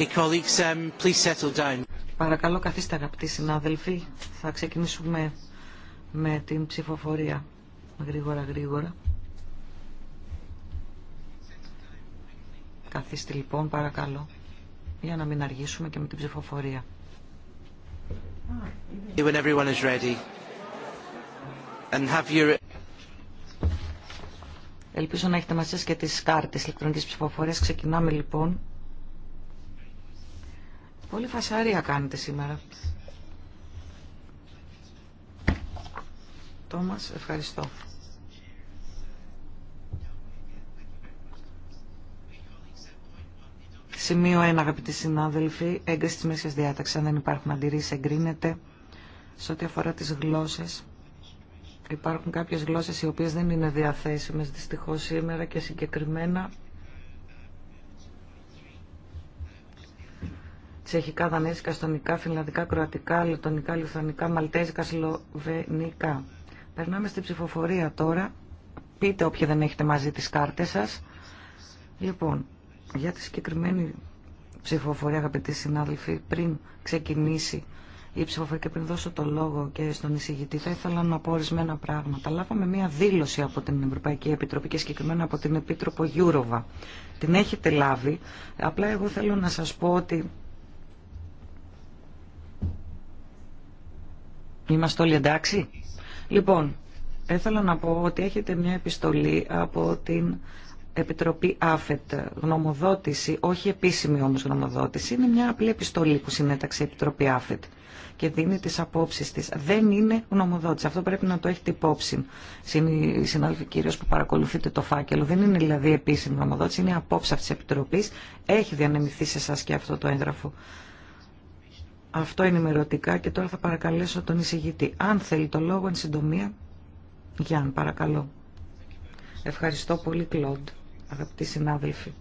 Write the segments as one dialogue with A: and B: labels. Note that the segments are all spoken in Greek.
A: Um, παρακαλώ καθίστε αγαπητοί συνάδελφοι. Θα ξεκινήσουμε με την ψηφοφορία. Γρήγορα, γρήγορα. Καθίστε λοιπόν παρακαλώ για να μην αργήσουμε και με την ψηφοφορία. Ελπίζω να έχετε μαζί σας και τις κάρτες ηλεκτρονικής ψηφοφορίας. Ξεκινάμε λοιπόν. Πολύ φασαρία κάνετε σήμερα. Τόμας, ευχαριστώ. Σημείο 1, αγαπητοί συνάδελφοι, έγκριση της μέσης διάταξης, αν δεν υπάρχουν αντιρρήσεις, εγκρίνεται. Σε ό,τι αφορά τις γλώσσες, υπάρχουν κάποιες γλώσσες οι οποίες δεν είναι διαθέσιμες δυστυχώς σήμερα και συγκεκριμένα τσεχικά, δανέζικα, εστονικά, φιλανδικά, κροατικά, λετονικά, λιθανικά, μαλτέζικα, σλοβενικά. Περνάμε στην ψηφοφορία τώρα. Πείτε όποιοι δεν έχετε μαζί τις κάρτες σας. Λοιπόν, για τη συγκεκριμένη ψηφοφορία, αγαπητοί συνάδελφοι, πριν ξεκινήσει η ψηφοφορία και πριν δώσω το λόγο και στον εισηγητή, θα ήθελα να πω ορισμένα πράγματα. Λάβαμε μία δήλωση από την Ευρωπαϊκή Επιτροπή και συγκεκριμένα από την Επίτροπο Γιούροβα. Την έχετε λάβει. Απλά εγώ θέλω να σας πω ότι Είμαστε όλοι εντάξει. Λοιπόν, ήθελα να πω ότι έχετε μια επιστολή από την Επιτροπή ΑΦΕΤ, γνωμοδότηση, όχι επίσημη όμως γνωμοδότηση, είναι μια απλή επιστολή που συνέταξε η Επιτροπή ΑΦΕΤ και δίνει τις απόψεις της. Δεν είναι γνωμοδότηση, αυτό πρέπει να το έχετε υπόψη. συνάδελφοι κύριο που παρακολουθείτε το φάκελο, δεν είναι δηλαδή επίσημη γνωμοδότηση, είναι απόψη αυτής της Επιτροπής. Έχει διανεμηθεί σε εσά και αυτό το έγγραφο. Αυτό είναι ημερωτικά και τώρα θα παρακαλέσω τον εισηγητή. Αν θέλει το λόγο, εν συντομία, Γιάν, παρακαλώ. Ευχαριστώ πολύ, Κλοντ, αγαπητοί συνάδελφοι.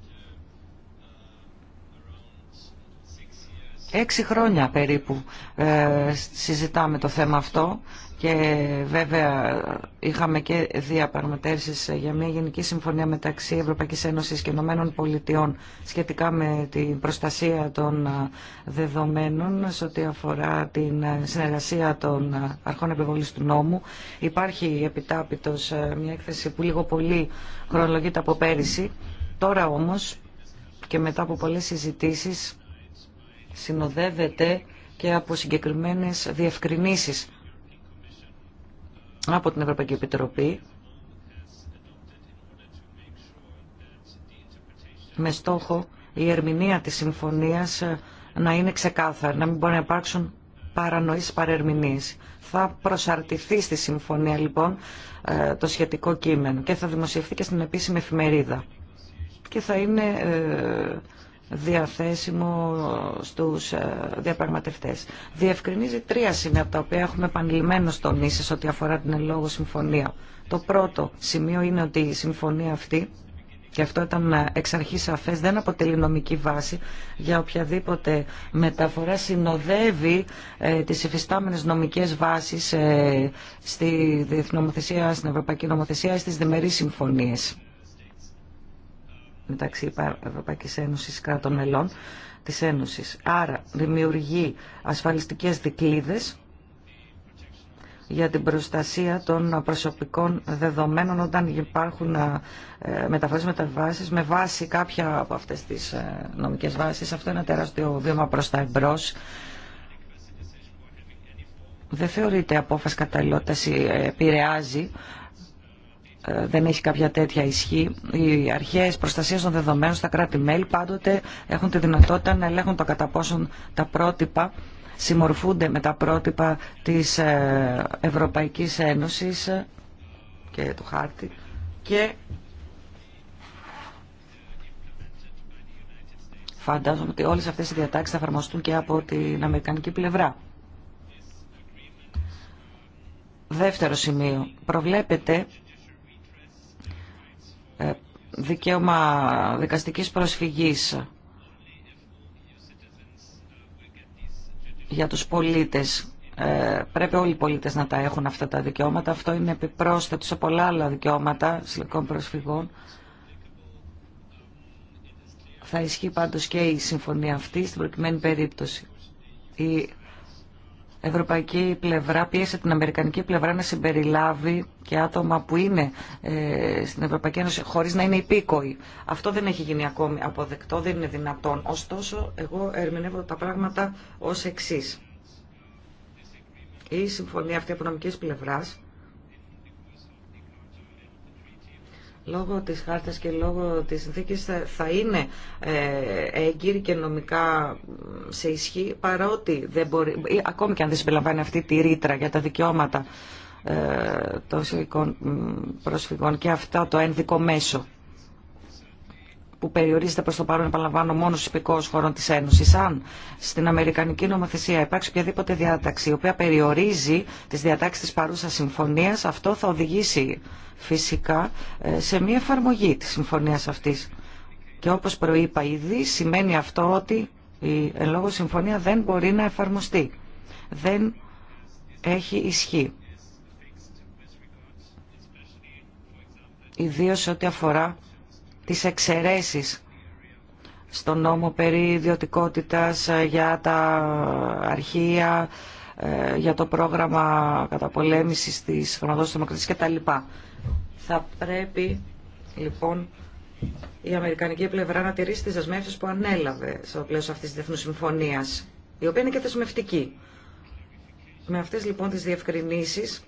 A: Έξι χρόνια περίπου ε, συζητάμε το θέμα αυτό και βέβαια είχαμε και διαπραγματεύσει για μια γενική συμφωνία μεταξύ Ευρωπαϊκής Ένωσης και Ηνωμένων Πολιτειών σχετικά με την προστασία των δεδομένων σε ό,τι αφορά την συνεργασία των αρχών επιβολής του νόμου. Υπάρχει επιτάπητος μια έκθεση που λίγο πολύ χρονολογείται από πέρυσι. Τώρα όμως και μετά από πολλές συζητήσεις συνοδεύεται και από συγκεκριμένες διευκρινήσεις από την Ευρωπαϊκή Επιτροπή με στόχο η ερμηνεία της συμφωνίας ε, να είναι ξεκάθαρη, να μην μπορεί να υπάρξουν παρανοήσεις παρερμηνείς. Θα προσαρτηθεί στη συμφωνία λοιπόν ε, το σχετικό κείμενο και θα δημοσιευθεί και στην επίσημη εφημερίδα. Και θα είναι ε, διαθέσιμο στους ε, διαπραγματευτές. Διευκρινίζει τρία σημεία από τα οποία έχουμε επανειλημμένως τονίσει ό,τι αφορά την ελόγω συμφωνία. Το πρώτο σημείο είναι ότι η συμφωνία αυτή και αυτό ήταν ε, εξ αρχή σαφέ, δεν αποτελεί νομική βάση για οποιαδήποτε μεταφορά συνοδεύει ε, τι υφιστάμενε νομικέ βάσει ε, στη στην ευρωπαϊκή νομοθεσία ή στι διμερεί συμφωνίε μεταξύ Ευρωπαϊκής Ένωσης κράτων μελών της Ένωσης. Άρα δημιουργεί ασφαλιστικές δικλείδες για την προστασία των προσωπικών δεδομένων όταν υπάρχουν ε, μεταφράσεις μεταβάσεις με βάση κάποια από αυτές τις ε, νομικές βάσεις. Αυτό είναι ένα τεράστιο βήμα προς τα εμπρός. Δεν θεωρείται απόφαση καταλληλότητας ε, επηρεάζει ε, δεν έχει κάποια τέτοια ισχύ. Οι αρχέ προστασία των δεδομένων στα κράτη-μέλη πάντοτε έχουν τη δυνατότητα να ελέγχουν το κατά πόσον τα πρότυπα συμμορφούνται με τα πρότυπα της ε, Ευρωπαϊκής Ένωσης και του χάρτη και φαντάζομαι ότι όλες αυτές οι διατάξεις θα εφαρμοστούν και από την Αμερικανική πλευρά. Δεύτερο σημείο. Προβλέπεται ε, δικαίωμα δικαστικής προσφυγής για τους πολίτες. Ε, πρέπει όλοι οι πολίτες να τα έχουν αυτά τα δικαιώματα. Αυτό είναι επιπρόσθετο σε πολλά άλλα δικαιώματα συλλογικών προσφυγών. Θα ισχύει πάντως και η συμφωνία αυτή στην προκειμένη περίπτωση ευρωπαϊκή πλευρά πίεσε την αμερικανική πλευρά να συμπεριλάβει και άτομα που είναι ε, στην Ευρωπαϊκή Ένωση χωρίς να είναι υπήκοοι. Αυτό δεν έχει γίνει ακόμη αποδεκτό, δεν είναι δυνατόν. Ωστόσο, εγώ ερμηνεύω τα πράγματα ως εξής. Η συμφωνία αυτή από νομικής πλευράς λόγω της χάρτας και λόγω της συνθήκης θα είναι ε, έγκυρη και νομικά σε ισχύ παρότι δεν μπορεί, ή, ακόμη και αν δεν συμπεριλαμβάνει αυτή τη ρήτρα για τα δικαιώματα ε, των προσφυγών και αυτά το ένδικο μέσο που περιορίζεται προ το παρόν, επαναλαμβάνω, μόνο στου υπηκόου χωρών τη Ένωση. Αν στην Αμερικανική νομοθεσία υπάρξει οποιαδήποτε διάταξη η οποία περιορίζει τι διατάξει τη παρούσα συμφωνία, αυτό θα οδηγήσει φυσικά ε, σε μια εφαρμογή τη συμφωνία αυτή. Και όπω προείπα ήδη, σημαίνει αυτό ότι η εν συμφωνία δεν μπορεί να εφαρμοστεί. Δεν έχει ισχύ. Ιδίως ό,τι αφορά τις εξαιρέσεις στον νόμο περί ιδιωτικότητας ε, για τα αρχεία, ε, για το πρόγραμμα καταπολέμησης της και δημοκρατίας κτλ. Θα πρέπει λοιπόν η Αμερικανική πλευρά να τηρήσει τις δεσμεύσεις που ανέλαβε στο πλαίσιο αυτής της Διεθνούς Συμφωνίας, η οποία είναι και δεσμευτική. Με αυτές λοιπόν τις διευκρινήσεις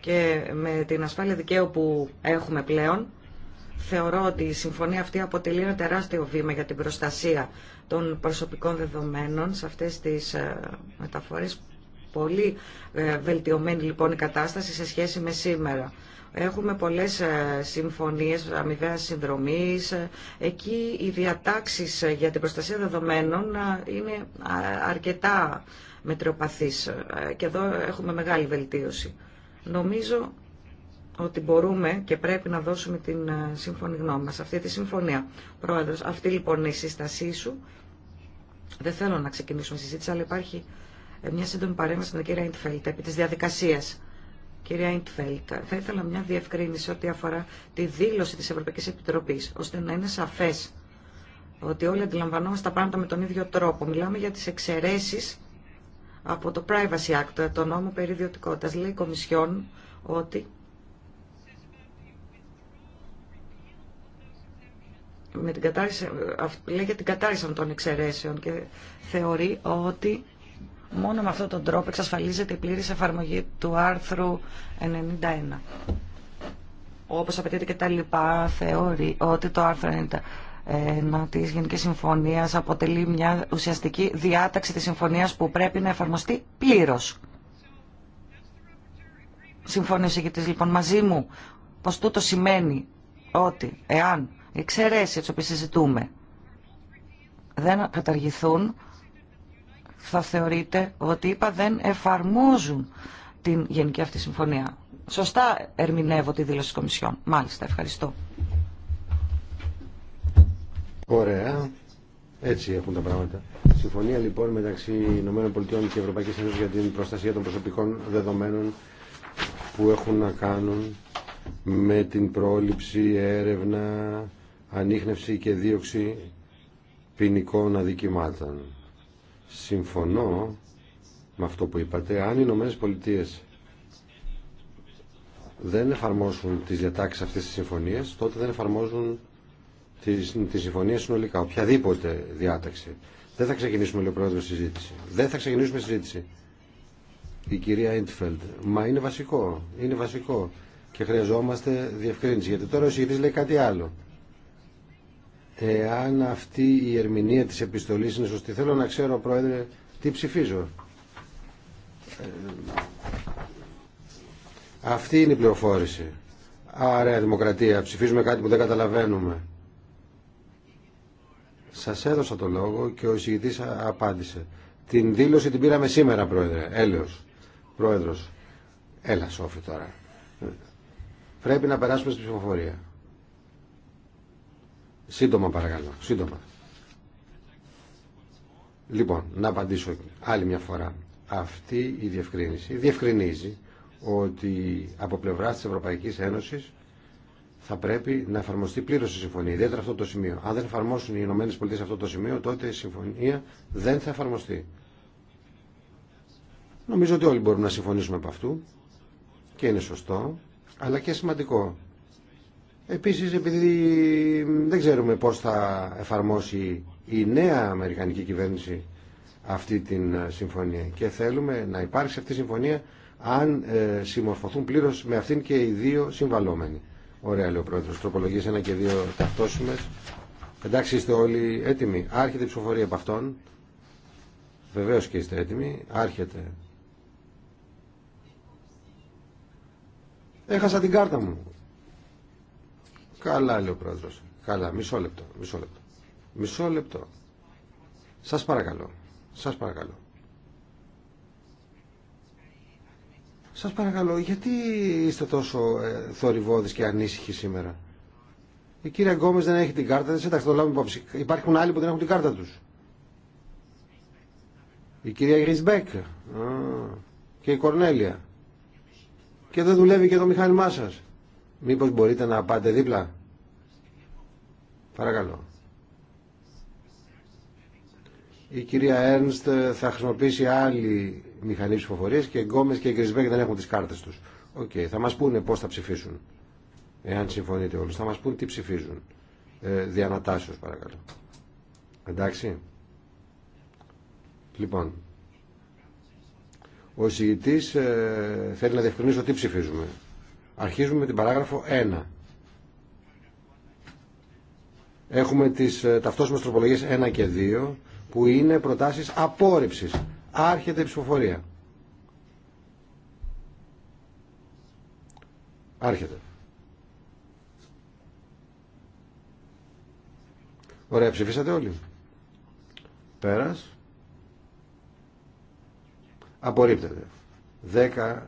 A: και με την ασφάλεια δικαίου που έχουμε πλέον, θεωρώ ότι η συμφωνία αυτή αποτελεί ένα τεράστιο βήμα για την προστασία των προσωπικών δεδομένων σε αυτές τις ε, μεταφορές. Πολύ ε, βελτιωμένη λοιπόν η κατάσταση σε σχέση με σήμερα. Έχουμε πολλές ε, συμφωνίες αμοιβαίας συνδρομής. Εκεί οι διατάξεις για την προστασία δεδομένων είναι αρκετά μετριοπαθείς. Και εδώ έχουμε μεγάλη βελτίωση. Νομίζω ότι μπορούμε και πρέπει να δώσουμε την ε, σύμφωνη γνώμη μας, αυτή τη συμφωνία. Πρόεδρος, αυτή λοιπόν είναι η σύστασή σου. Δεν θέλω να ξεκινήσουμε συζήτηση, αλλά υπάρχει ε, μια σύντομη παρέμβαση με την κυρία Ιντφέλτ επί της διαδικασίας. Κυρία Ιντφέλτ, θα ήθελα μια διευκρίνηση ό,τι αφορά τη δήλωση της Ευρωπαϊκής Επιτροπής, ώστε να είναι σαφές ότι όλοι αντιλαμβανόμαστε τα πράγματα με τον ίδιο τρόπο. Μιλάμε για τις εξαιρεσει από το Privacy Act, το νόμο περί ιδιωτικότητας. Λέει η Κομισιόν ότι με την λέει για την των εξαιρέσεων και θεωρεί ότι μόνο με αυτόν τον τρόπο εξασφαλίζεται η πλήρης εφαρμογή του άρθρου 91. Όπως απαιτείται και τα λοιπά, θεωρεί ότι το άρθρο 91 της Γενική Συμφωνίας αποτελεί μια ουσιαστική διάταξη της συμφωνίας που πρέπει να εφαρμοστεί πλήρως. Συμφωνεί ο λοιπόν μαζί μου πως τούτο σημαίνει ότι εάν Εξαιρέσει έτσι οποίες συζητούμε δεν καταργηθούν, θα θεωρείτε ότι είπα δεν εφαρμόζουν την γενική αυτή συμφωνία. Σωστά ερμηνεύω τη δήλωση της Κομισιόν. Μάλιστα, ευχαριστώ.
B: Ωραία. Έτσι έχουν τα πράγματα. Συμφωνία λοιπόν μεταξύ ΗΠΑ και Ευρωπαϊκής Ένωσης για την προστασία των προσωπικών δεδομένων που έχουν να κάνουν με την πρόληψη, έρευνα, ανείχνευση και δίωξη ποινικών αδικημάτων. Συμφωνώ με αυτό που είπατε. Αν οι Ηνωμένε Πολιτείε δεν εφαρμόσουν τις διατάξεις αυτής της συμφωνίας, τότε δεν εφαρμόζουν τη συμφωνία συνολικά, οποιαδήποτε διάταξη. Δεν θα ξεκινήσουμε, λέει ο πρόεδρος, συζήτηση. Δεν θα ξεκινήσουμε συζήτηση. Η κυρία Ιντφελντ. Μα είναι βασικό. Είναι βασικό. Και χρειαζόμαστε διευκρίνηση. Γιατί τώρα ο λέει κάτι άλλο εάν αυτή η ερμηνεία της επιστολής είναι σωστή. Θέλω να ξέρω, Πρόεδρε, τι ψηφίζω. Ε, αυτή είναι η πληροφόρηση. Άρα, δημοκρατία, ψηφίζουμε κάτι που δεν καταλαβαίνουμε. Σας έδωσα το λόγο και ο εισηγητής απάντησε. Την δήλωση την πήραμε σήμερα, Πρόεδρε. Έλεος. Πρόεδρος. Έλα, Σόφη, τώρα. Πρέπει να περάσουμε στην ψηφοφορία. Σύντομα παρακαλώ, σύντομα. Λοιπόν, να απαντήσω άλλη μια φορά. Αυτή η διευκρίνηση διευκρινίζει ότι από πλευρά της Ευρωπαϊκής Ένωσης θα πρέπει να εφαρμοστεί πλήρω η συμφωνία, ιδιαίτερα αυτό το σημείο. Αν δεν εφαρμόσουν οι ΗΠΑ αυτό το σημείο, τότε η συμφωνία δεν θα εφαρμοστεί. Νομίζω ότι όλοι μπορούμε να συμφωνήσουμε από αυτού και είναι σωστό, αλλά και σημαντικό Επίσης επειδή δεν ξέρουμε πώς θα εφαρμόσει η νέα Αμερικανική κυβέρνηση αυτή την ε, συμφωνία και θέλουμε να υπάρξει αυτή η συμφωνία αν ε, συμμορφωθούν πλήρως με αυτήν και οι δύο συμβαλόμενοι. Ωραία λέει ο Πρόεδρος, τροπολογίες ένα και δύο ταυτόσιμες. Εντάξει είστε όλοι έτοιμοι. Άρχεται η ψηφοφορία από αυτόν. Βεβαίως και είστε έτοιμοι. Άρχεται. Έχασα την κάρτα μου. Καλά, λέει ο πρόεδρο. Καλά, μισό λεπτό. Μισό λεπτό. Μισό λεπτό. Σα παρακαλώ. Σα παρακαλώ. Σας παρακαλώ, γιατί είστε τόσο ε, και ανήσυχοι σήμερα. Η κυρία Γκόμες δεν έχει την κάρτα της, εντάξει το λάβουμε υπόψη. Υπάρχουν άλλοι που δεν έχουν την κάρτα τους. Η κυρία Γρισμπέκ και η Κορνέλια. Και δεν δουλεύει και το μηχάνημά σας. Μήπως μπορείτε να πάτε δίπλα. Παρακαλώ. Η κυρία Έρνστ θα χρησιμοποιήσει άλλη μηχανή ψηφοφορία και Γκόμες και Γκρισμπέκ δεν έχουν τι κάρτε του. Οκ, θα μα πούνε πώ θα ψηφίσουν. Εάν συμφωνείτε όλου. θα μα πούνε τι ψηφίζουν. Ε, παρακαλώ. Εντάξει. Λοιπόν, ο συγητής ε, θέλει να διευκρινίσω τι ψηφίζουμε. Αρχίζουμε με την παράγραφο 1. Έχουμε τις ε, ταυτόσιμες τροπολογίες 1 και 2 που είναι προτάσεις απόρριψης. Άρχεται η ψηφοφορία. Άρχεται. Ωραία, ψηφίσατε όλοι. Πέρας. Απορρίπτεται. 10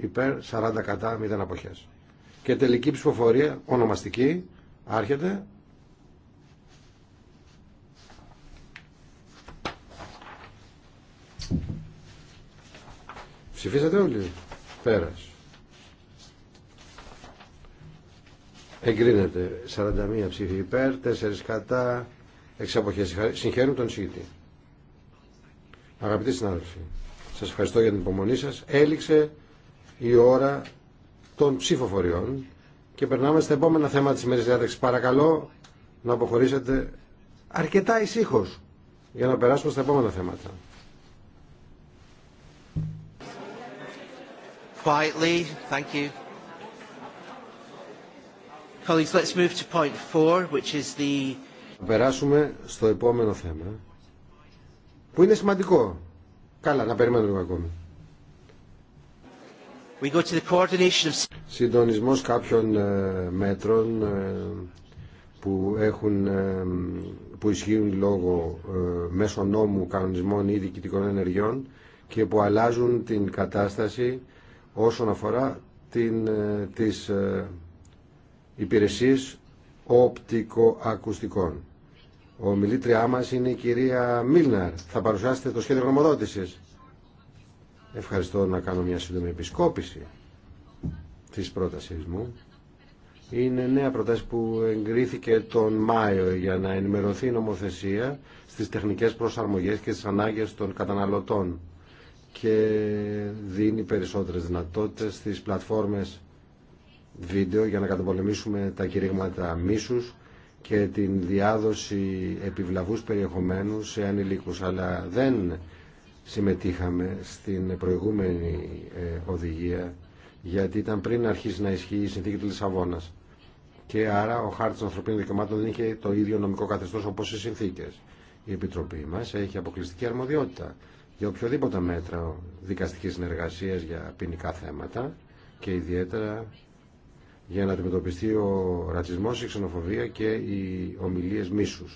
B: υπέρ, 40 κατά, 0 αποχές. Και τελική ψηφοφορία, ονομαστική, άρχεται. Ψηφίσατε όλοι. Πέρας. Εγκρίνεται 41 ψήφι υπέρ, 4 κατά, 6 αποχές. Συγχαίρουν τον εισηγητή. Αγαπητοί συνάδελφοι, σας ευχαριστώ για την υπομονή σας. Έληξε η ώρα των ψηφοφοριών και περνάμε στα επόμενα θέμα της ημέρης διάταξης. Παρακαλώ να αποχωρήσετε αρκετά ησύχω για να περάσουμε στα επόμενα θέματα. Quietly, thank you. Colleagues, let's move to point four, which is the... Περάσουμε στο επόμενο θέμα, που είναι σημαντικό. Καλά, να περιμένουμε ακόμη. Συντονισμός κάποιων ε, μέτρων ε, που, έχουν, ε, που ισχύουν λόγω μέσω νόμου κανονισμών ή διοικητικών ενεργειών και που αλλάζουν την κατάσταση όσον αφορά την, τις υπηρεσίες οπτικοακουστικών. Ο μιλήτριά μας είναι η κυρία Μίλναρ. Θα παρουσιάσετε το σχέδιο γνωμοδότησης. Ευχαριστώ να κάνω μια σύντομη επισκόπηση της πρότασής μου. Είναι νέα προτάση που εγκρίθηκε τον Μάιο για να ενημερωθεί η νομοθεσία στις τεχνικές προσαρμογές και στις ανάγκες των καταναλωτών και δίνει περισσότερες δυνατότητες στις πλατφόρμες βίντεο για να καταπολεμήσουμε τα κηρύγματα μίσους και την διάδοση επιβλαβούς περιεχομένου σε ανηλίκους αλλά δεν συμμετείχαμε στην προηγούμενη ε, οδηγία γιατί ήταν πριν να αρχίσει να ισχύει η συνθήκη του Λισαβόνα. και άρα ο χάρτη των ανθρωπίνων δικαιωμάτων δεν είχε το ίδιο νομικό καθεστώ όπω οι συνθήκε. Η Επιτροπή μα έχει αποκλειστική αρμοδιότητα για οποιοδήποτε μέτρο δικαστική συνεργασία για ποινικά θέματα και ιδιαίτερα για να αντιμετωπιστεί ο ρατσισμό, η ξενοφοβία και οι ομιλίε μίσου.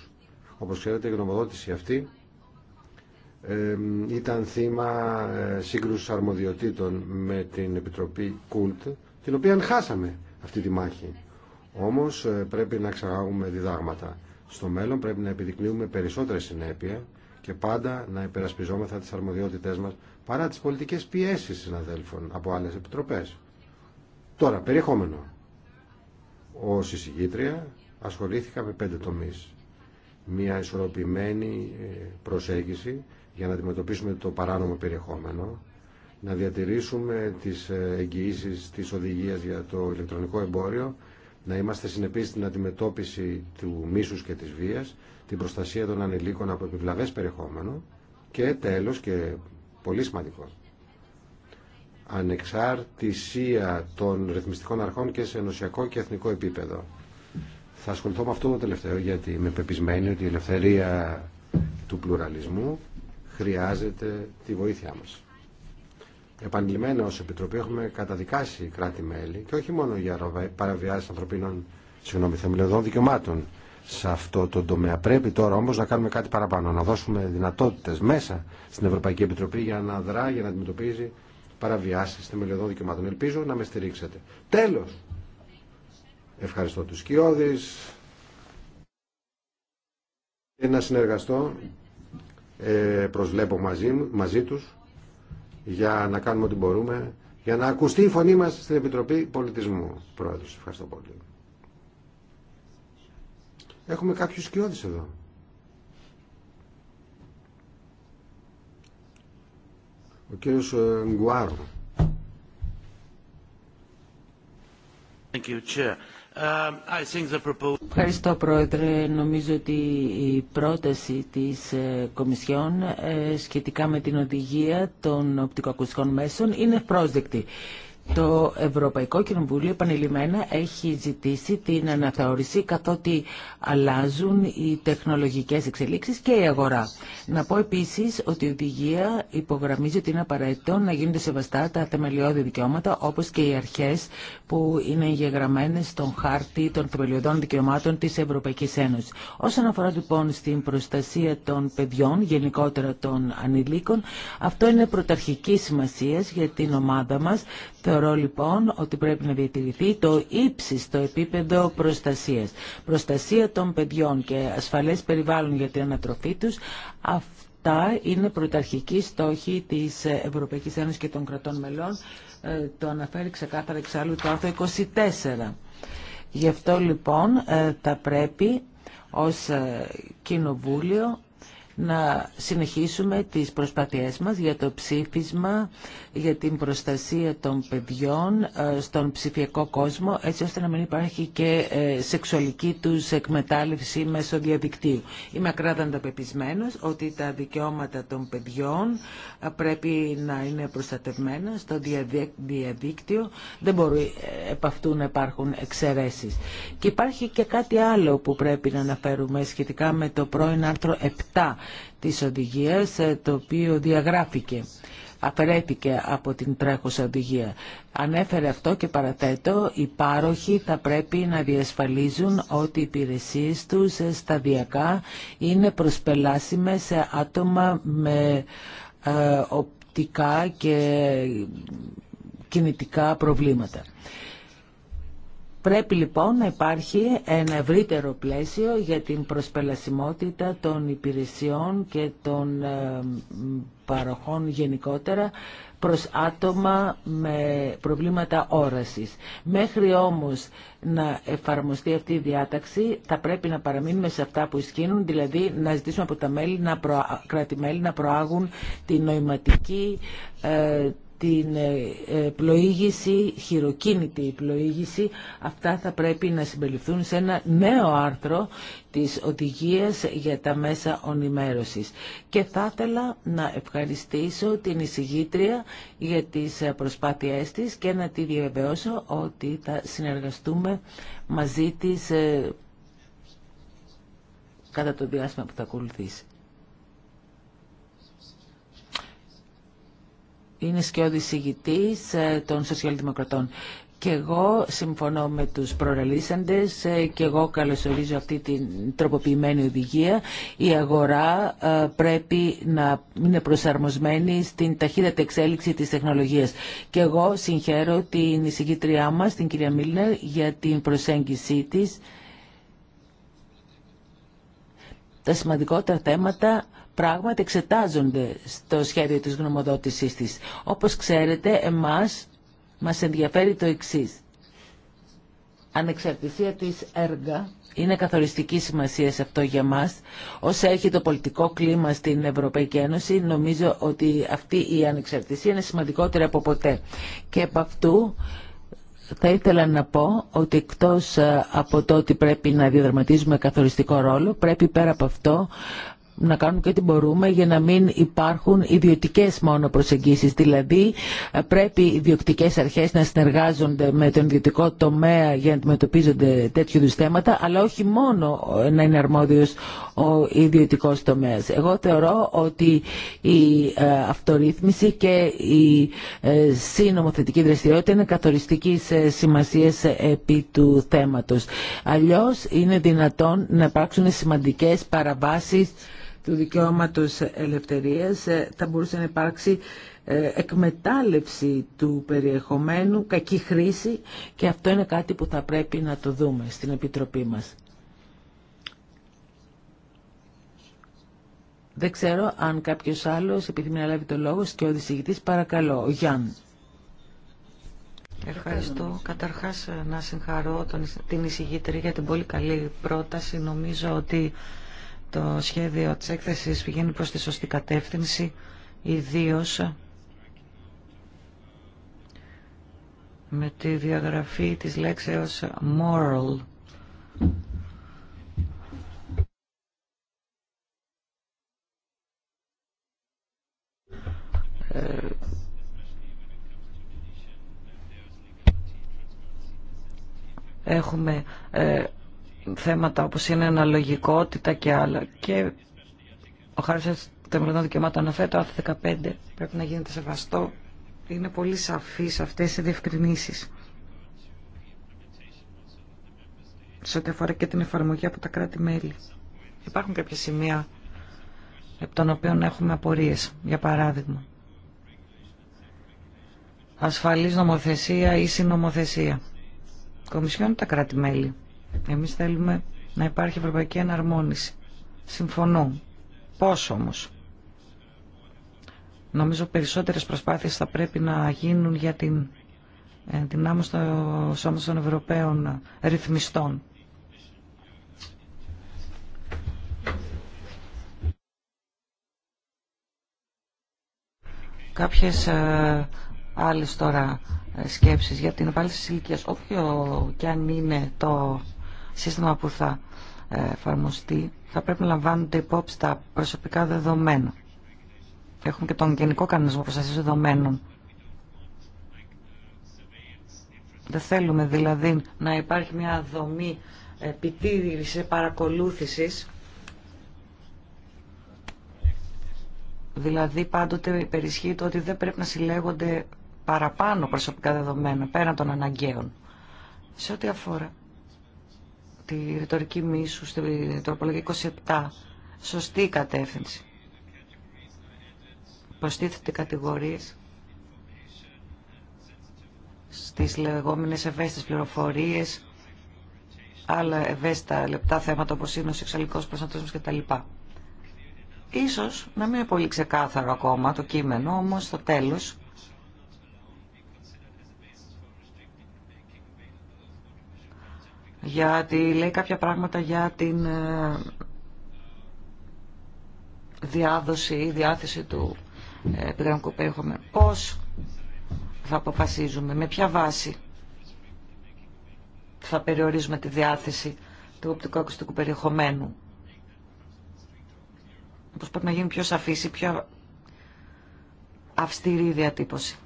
B: Όπω ξέρετε η γνωμοδότηση αυτή ήταν θύμα ε, σύγκρουσης αρμοδιοτήτων με την Επιτροπή Κούλτ, την οποία χάσαμε αυτή τη μάχη. Όμως ε, πρέπει να εξαγάγουμε διδάγματα. Στο μέλλον πρέπει να επιδεικνύουμε περισσότερη συνέπεια και πάντα να υπερασπιζόμεθα τις αρμοδιότητές μας παρά τις πολιτικές πιέσεις συναδέλφων από άλλες επιτροπές. Τώρα, περιεχόμενο. Ω εισηγήτρια ασχολήθηκα με πέντε τομείς. Μια ισορροπημένη ε, προσέγγιση για να αντιμετωπίσουμε το παράνομο περιεχόμενο, να διατηρήσουμε τις ε, εγγυήσεις της οδηγίας για το ηλεκτρονικό εμπόριο, να είμαστε συνεπείς στην αντιμετώπιση του μίσους και της βίας, την προστασία των ανηλίκων από επιβλαβές περιεχόμενο και τέλος και πολύ σημαντικό, ανεξάρτησία των ρυθμιστικών αρχών και σε ενωσιακό και εθνικό επίπεδο. Θα ασχοληθώ με αυτό το τελευταίο γιατί είμαι πεπισμένη ότι η ελευθερία του πλουραλισμού χρειάζεται τη βοήθειά μας. Επανειλημμένα ως Επιτροπή έχουμε καταδικάσει κράτη-μέλη και όχι μόνο για παραβιάσεις ανθρωπίνων συγγνώμη, θεμελιωδών δικαιωμάτων σε αυτό το τομέα. Πρέπει τώρα όμως να κάνουμε κάτι παραπάνω, να δώσουμε δυνατότητες μέσα στην Ευρωπαϊκή Επιτροπή για να δρά, για να αντιμετωπίζει παραβιάσεις θεμελιωδών δικαιωμάτων. Ελπίζω να με στηρίξετε. Τέλος, ευχαριστώ τους Κιώδης να συνεργαστώ ε, προσβλέπω μαζί, μαζί τους για να κάνουμε ό,τι μπορούμε για να ακουστεί η φωνή μας στην Επιτροπή Πολιτισμού. Πρόεδρος, ευχαριστώ πολύ. Έχουμε κάποιους σκιώδεις εδώ. Ο κύριος ε, Γκουάρου. Thank you, Chair. Um, Ευχαριστώ
C: Πρόεδρε. Νομίζω ότι η πρόταση της ε, Κομισιόν ε, σχετικά με την οδηγία των οπτικοακουστικών μέσων είναι πρόσδεκτη. Το Ευρωπαϊκό Κοινοβούλιο επανειλημμένα έχει ζητήσει την αναθεώρηση καθότι αλλάζουν οι τεχνολογικές εξελίξεις και η αγορά. Να πω επίσης ότι η οδηγία υπογραμμίζει ότι είναι απαραίτητο να γίνονται σεβαστά τα θεμελιώδη δικαιώματα όπως και οι αρχές που είναι εγγεγραμμένες στον χάρτη των θεμελιωδών δικαιωμάτων της Ευρωπαϊκής Ένωσης. Όσον αφορά λοιπόν στην προστασία των παιδιών, γενικότερα των ανηλίκων, αυτό είναι πρωταρχική σημασία για την ομάδα μας. Θεωρώ λοιπόν ότι πρέπει να διατηρηθεί το ύψιστο επίπεδο προστασίας. Προστασία των παιδιών και ασφαλές περιβάλλον για την ανατροφή τους, αυτά είναι πρωταρχικοί στόχοι της Ευρωπαϊκής Ένωσης και των κρατών μελών. Ε, το αναφέρει ξεκάθαρα εξάλλου το άρθρο 24. Γι' αυτό λοιπόν ε, θα πρέπει ως ε, Κοινοβούλιο να συνεχίσουμε τις προσπάθειές μας για το ψήφισμα, για την προστασία των παιδιών ε, στον ψηφιακό κόσμο, έτσι ώστε να μην υπάρχει και ε, σεξουαλική τους εκμετάλλευση μέσω διαδικτύου. Είμαι ακράδαντα πεπισμένος ότι τα δικαιώματα των παιδιών ε, πρέπει να είναι προστατευμένα στο διαδίκτυο. Δεν μπορεί επ' αυτού να υπάρχουν εξαιρέσεις. Και υπάρχει και κάτι άλλο που πρέπει να αναφέρουμε σχετικά με το πρώην άρθρο 7 της οδηγίας ε, το οποίο διαγράφηκε αφαιρέθηκε από την τρέχουσα οδηγία. Ανέφερε αυτό και παραθέτω, οι πάροχοι θα πρέπει να διασφαλίζουν ότι οι υπηρεσίες τους ε, σταδιακά είναι προσπελάσιμες σε άτομα με ε, οπτικά και κινητικά προβλήματα. Πρέπει λοιπόν να υπάρχει ένα ευρύτερο πλαίσιο για την προσπελασιμότητα των υπηρεσιών και των ε, παροχών γενικότερα προς άτομα με προβλήματα όρασης. Μέχρι όμως να εφαρμοστεί αυτή η διάταξη θα πρέπει να παραμείνουμε σε αυτά που ισχύουν, δηλαδή να ζητήσουμε από τα μέλη, να να προάγουν τη νοηματική, ε, την ε, ε, πλοήγηση, χειροκίνητη πλοήγηση, αυτά θα πρέπει να συμπεριληφθούν σε ένα νέο άρθρο της οδηγίας για τα μέσα ονημέρωσης. Και θα ήθελα να ευχαριστήσω την εισηγήτρια για τις ε, προσπάθειές της και να τη διαβεβαιώσω ότι θα συνεργαστούμε μαζί της κατά το διάστημα που θα ακολουθήσει. είναι σκιώδης ηγητής ε, των σοσιαλδημοκρατών. Και εγώ συμφωνώ με τους προρελήσαντες ε, και εγώ καλωσορίζω αυτή την τροποποιημένη οδηγία. Η αγορά ε, πρέπει να είναι προσαρμοσμένη στην ταχύτατη εξέλιξη της τεχνολογίας. Και εγώ συγχαίρω την εισηγήτριά μας, την κυρία Μίλνερ, για την προσέγγιση της. Τα σημαντικότερα θέματα πράγματα εξετάζονται στο σχέδιο της γνωμοδότησής της. Όπως ξέρετε, εμάς μας ενδιαφέρει το εξής. Ανεξαρτησία της έργα είναι καθοριστική σημασία σε αυτό για μας. Όσα έχει το πολιτικό κλίμα στην Ευρωπαϊκή Ένωση, νομίζω ότι αυτή η ανεξαρτησία είναι σημαντικότερη από ποτέ. Και από αυτού θα ήθελα να πω ότι εκτός ε, από το ότι πρέπει να διαδραματίζουμε καθοριστικό ρόλο, πρέπει πέρα από αυτό να κάνουμε και ό,τι μπορούμε για να μην υπάρχουν ιδιωτικές μόνο προσεγγίσεις. Δηλαδή ε, πρέπει οι ιδιωτικές αρχές να συνεργάζονται με τον ιδιωτικό τομέα για να αντιμετωπίζονται τέτοιου είδους θέματα, αλλά όχι μόνο ε, να είναι αρμόδιος ο ιδιωτικός τομέας. Εγώ θεωρώ ότι η ε, αυτορύθμιση και η συνομοθετική δραστηριότητα είναι καθοριστική σημασία επί του θέματος. Αλλιώς είναι δυνατόν να υπάρξουν σημαντικές παραβάσεις του δικαιώματος ελευθερίας ε, θα μπορούσε να υπάρξει ε, εκμετάλλευση του περιεχομένου, κακή χρήση και αυτό είναι κάτι που θα πρέπει να το δούμε στην Επιτροπή μας. Δεν ξέρω αν κάποιος άλλος επιθυμεί να λάβει το λόγο και ο δισηγητής παρακαλώ. Ο
A: Ευχαριστώ. Καταρχάς να συγχαρώ τον, την εισηγήτρια για την πολύ καλή πρόταση. Νομίζω ότι το σχέδιο της έκθεσης πηγαίνει προς τη σωστή κατεύθυνση, ιδίως με τη διαγραφή της λέξεως moral. Ε, έχουμε ε, θέματα όπως είναι αναλογικότητα και άλλα. Και ο χάρτης των δικαιωμάτων αναφέρει το άρθρο 15 πρέπει να γίνεται σεβαστό. Είναι πολύ σαφής αυτές οι διευκρινήσεις. Σε ό,τι αφορά και την εφαρμογή από τα κράτη-μέλη. Υπάρχουν κάποια σημεία από τα οποίων έχουμε απορίες, για παράδειγμα. Ασφαλής νομοθεσία ή συνομοθεσία. Κομισιόν τα κράτη-μέλη. Εμείς θέλουμε να υπάρχει ευρωπαϊκή εναρμόνιση. Συμφωνώ. Πώς όμως. Νομίζω περισσότερες προσπάθειες θα πρέπει να γίνουν για την την των σώμα των Ευρωπαίων ρυθμιστών. Κάποιες ε, άλλες τώρα ε, σκέψεις για την επάλυση της ηλικίας. Όποιο και αν είναι το σύστημα που θα ε, εφαρμοστεί θα πρέπει να λαμβάνονται υπόψη τα προσωπικά δεδομένα. Έχουμε και τον Γενικό Κανονισμό Προστασία Δεδομένων. Δεν θέλουμε δηλαδή να υπάρχει μια δομή επιτήρηση παρακολούθησης Δηλαδή πάντοτε υπερισχύει το ότι δεν πρέπει να συλλέγονται παραπάνω προσωπικά δεδομένα πέραν των αναγκαίων. Σε ό,τι αφορά τη ρητορική μίσου στην τροπολογία 27. Σωστή η κατεύθυνση. Προστίθεται κατηγορίες στις λεγόμενες ευαίσθητες πληροφορίες, άλλα ευαίσθητα λεπτά θέματα όπως είναι ο σεξουαλικός προσανατολισμός κτλ. Ίσως να μην είναι πολύ ξεκάθαρο ακόμα το κείμενο, όμως στο τέλος γιατί λέει κάποια πράγματα για την ε, διάδοση ή διάθεση του ε, επιγραμμικού περιεχομένου. Πώς θα αποφασίζουμε, με ποια βάση θα περιορίζουμε τη διάθεση του οπτικού ακουστικού περιεχομένου. Πώς πρέπει να γίνει πιο σαφής ή πιο αυστηρή διατύπωση.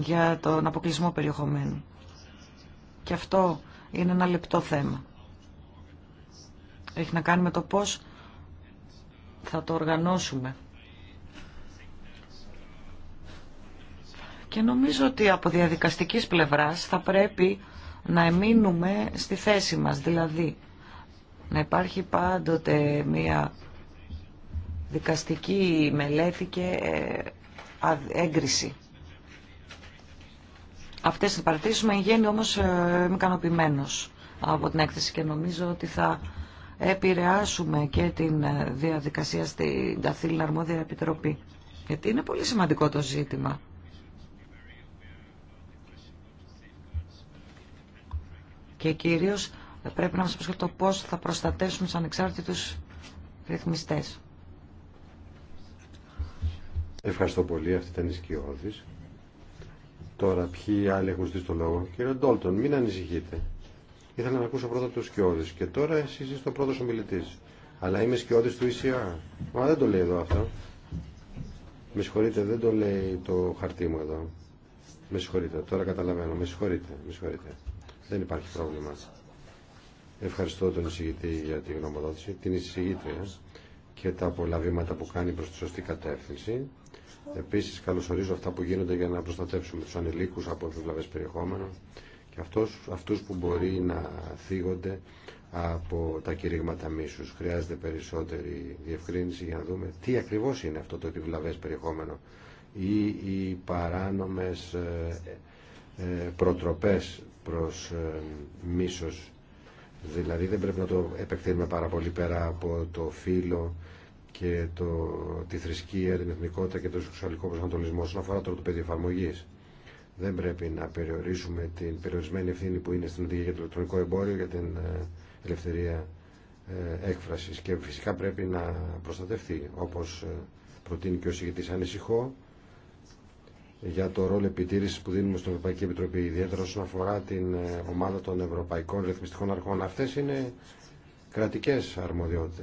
A: για τον αποκλεισμό περιεχομένου. Και αυτό είναι ένα λεπτό θέμα. Έχει να κάνει με το πώς θα το οργανώσουμε. Και νομίζω ότι από διαδικαστικής πλευράς θα πρέπει να εμείνουμε στη θέση μας, δηλαδή να υπάρχει πάντοτε μία δικαστική μελέτη και ε, έγκριση Αυτέ τις παρατηρήσεις με γέννη όμως ε, είμαι ικανοποιημένο από την έκθεση και νομίζω ότι θα επηρεάσουμε και την ε, διαδικασία στην Καθήλυνα Αρμόδια Επιτροπή. Γιατί είναι πολύ σημαντικό το ζήτημα. Και κυρίως πρέπει να μας πει το πώς θα προστατεύσουμε τους ανεξάρτητους ρυθμιστές.
B: Ευχαριστώ πολύ. Αυτή ήταν η Σκιώδης. Τώρα, ποιοι άλλοι έχουν ζητήσει το λόγο. Κύριε Ντόλτον, μην ανησυχείτε. Ήθελα να ακούσω πρώτα του Σκιώδη και τώρα εσεί είστε ο πρώτο ομιλητή. Αλλά είμαι Σκιώδη του ECR. Μα δεν το λέει εδώ αυτό. Με συγχωρείτε, δεν το λέει το χαρτί μου εδώ. Με συγχωρείτε, τώρα καταλαβαίνω. Με συγχωρείτε, με συγχωρείτε. Δεν υπάρχει πρόβλημα. Ευχαριστώ τον εισηγητή για τη γνωμοδότηση, την εισηγήτρια και τα πολλά βήματα που κάνει προ τη σωστή κατεύθυνση. Επίσης καλωσορίζω αυτά που γίνονται για να προστατεύσουμε τους ανηλίκου από λαβές περιεχόμενο και αυτού που μπορεί να θίγονται από τα κηρύγματα μίσου. Χρειάζεται περισσότερη διευκρίνηση για να δούμε τι ακριβώς είναι αυτό το επιβλαβέ περιεχόμενο ή οι παράνομες ε, ε, προτροπές προς ε, μίσο. Δηλαδή δεν πρέπει να το επεκτείνουμε πάρα πολύ πέρα από το φύλλο και το, τη θρησκεία, την εθνικότητα και το σεξουαλικό προσανατολισμό όσον αφορά τώρα το πεδίο εφαρμογή. Δεν πρέπει να περιορίσουμε την περιορισμένη ευθύνη που είναι στην οδηγία για το ηλεκτρονικό εμπόριο για την ε, ελευθερία ε, έκφρασης και φυσικά πρέπει να προστατευτεί όπως ε, προτείνει και ο συγκεκριτής ανησυχώ για το ρόλο επιτήρηση που δίνουμε στην Ευρωπαϊκή Επιτροπή, ιδιαίτερα όσον αφορά την ομάδα των Ευρωπαϊκών Ρυθμιστικών Αρχών. Αυτέ είναι κρατικέ αρμοδιότητε.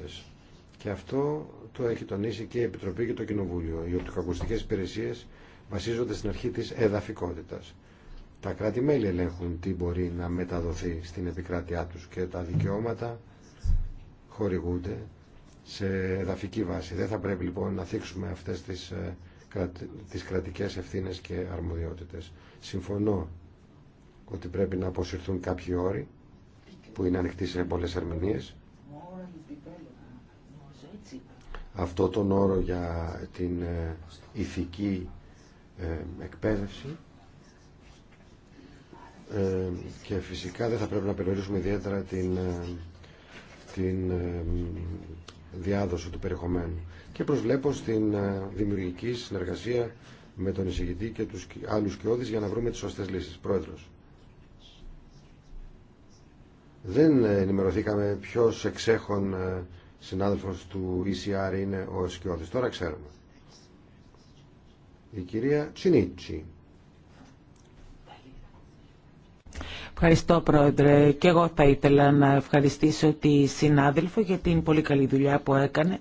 B: Και αυτό το έχει τονίσει και η Επιτροπή και το Κοινοβούλιο. Οι οπτικοακουστικέ υπηρεσίε βασίζονται στην αρχή της εδαφικότητα. Τα κράτη-μέλη ελέγχουν τι μπορεί να μεταδοθεί στην επικράτειά τους και τα δικαιώματα χορηγούνται σε εδαφική βάση. Δεν θα πρέπει λοιπόν να θίξουμε αυτές τις, ε, τις κρατικές ευθύνες και αρμοδιότητες. Συμφωνώ ότι πρέπει να αποσυρθούν κάποιοι όροι που είναι ανοιχτοί σε πολλές ερμηνείες αυτό τον όρο για την ε, ηθική ε, εκπαίδευση ε, και φυσικά δεν θα πρέπει να περιορίσουμε ιδιαίτερα την, την διάδοση του περιεχομένου. Και προσβλέπω στην δημιουργική συνεργασία με τον εισηγητή και τους άλλους κοιόδης για να βρούμε τις σωστές λύσεις. Πρόεδρος. Δεν ενημερωθήκαμε ποιος εξέχων συνάδελφος του ECR είναι ο Σκιώδης. Τώρα ξέρουμε. Η κυρία Τσινίτσι.
C: Ευχαριστώ Πρόεδρε και εγώ θα ήθελα να ευχαριστήσω τη συνάδελφο για την πολύ καλή δουλειά που έκανε